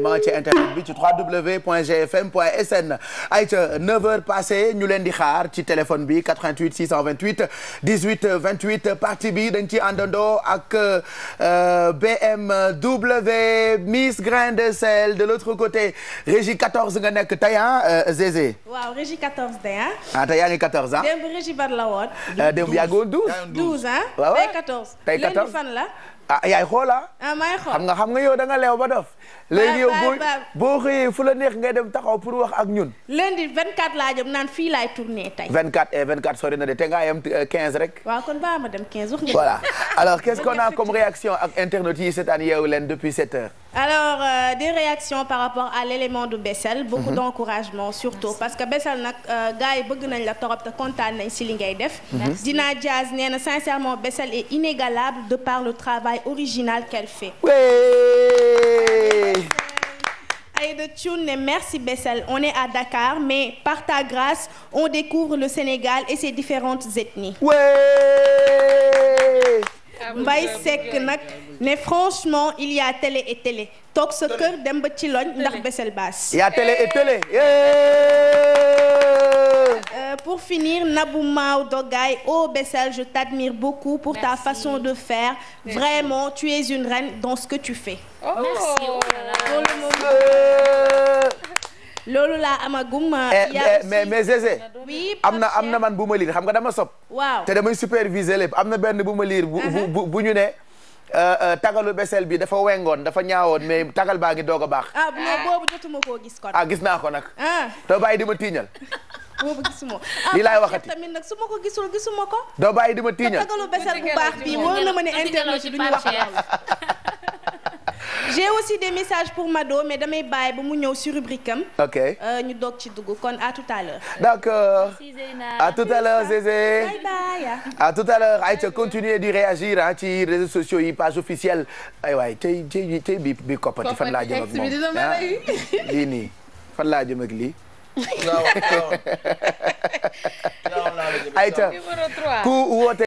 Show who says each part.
Speaker 1: ma ci internet bi ci www.gfm.sn ay ca 9h passé ñu leen di xaar ci téléphone bi 88 628 18 28 partie bi dañ ci àndandoo ak euh, BMW Miss Grain de Sel de l'autre côté régie 14 nga nekk tey ah Zézé.
Speaker 2: waaw régie 14 tey ah.
Speaker 1: ah tey yaa ngi 14 ah.
Speaker 2: démb régie ban la woon.
Speaker 1: Euh, démb yaa ngi woon 12. 12 ah. waaw tey
Speaker 2: 14 tey 14 léegi fan la.
Speaker 1: ah yaay xoola
Speaker 2: ah may xool xam nga
Speaker 1: xam nga yow da nga leew ba dof léegi yow boo boo xëyee fu la neex ngay dem taxaw pour wax ak ñun.
Speaker 2: lundi 24 laa jëm naan fii laay tourné tey.
Speaker 1: 24 et 24 sori na de te ngaa yem 15 eh, rek.
Speaker 2: waaw kon baa ma dem 15 wax nga. voilà
Speaker 1: alors qu'est-ce qu'on a comme réaction ak internautes yi seetaan Yeewu Leen depuis 7 heures.
Speaker 2: alors euh, des réactions par rapport à l'élément du Bessel mhm. beaucoup d'encouragement surtout parce que Bessel nag euh, gars yi bëgg nañ la torop te kontaan nañ si li ngay def mhm. Dina Diaz nee na sincèrement Bessel est inégalable de par le travail original qu'elle fait oui. on est à Dakar mais par ta grâce on découvre le Sénégal et ses différentes ethnies Mbaye Seck nag ne franchement il y a télé et télé toog sa kër dem ba ci loñ ndax besel baas. il y a télé et télé. Euh, pour finir Nabou Mao Dogaye ô Bessel je t'admire beaucoup pour ta façon de faire vraiment tu es une reine dans ce que tu fais. Oh. Oh loolu laa amagum. Eh, yaa eh, mais mais Zézé. oui
Speaker 1: am na am na man bu ma liir xam nga dama sob waaw te damay superviser lépp am na benn bu ma liir. bu uh-huh. bu ñu ne. Euh, euh, tagalu besel bi dafa wengoon dafa ñaawoon mais tagal baa ngi doog a baax.
Speaker 2: ah non boobu jotuma koo gis kon. Ah, gis naa ko nag. Ah.
Speaker 1: doo bàyyi di ma tiiñal.
Speaker 2: boobu gisuma. Ah, lii laay waxati nag su ma ko gisul gisuma ko. doo
Speaker 1: bàyyi di ma tiiñal. tagalu
Speaker 2: besel bu baax bii wóor na ma ne internet du ñu j'ai aussi des messages pour Mado mais damay bàyyi ba mu ñëw si rubrique am. ok euh, ñu doog ci dugg kon à tout à l'heure
Speaker 1: d'accord à tout à l'heure Zézé.
Speaker 2: bye
Speaker 1: tout à l'heure Aïcha continuer di réagir ah ci réseaux sociaux yi page officielle ay waay tey tey tey bi bi koppati fan laa jëm ak moom ah, lii nii fan laa jëm ak lii. Aïcha ku woote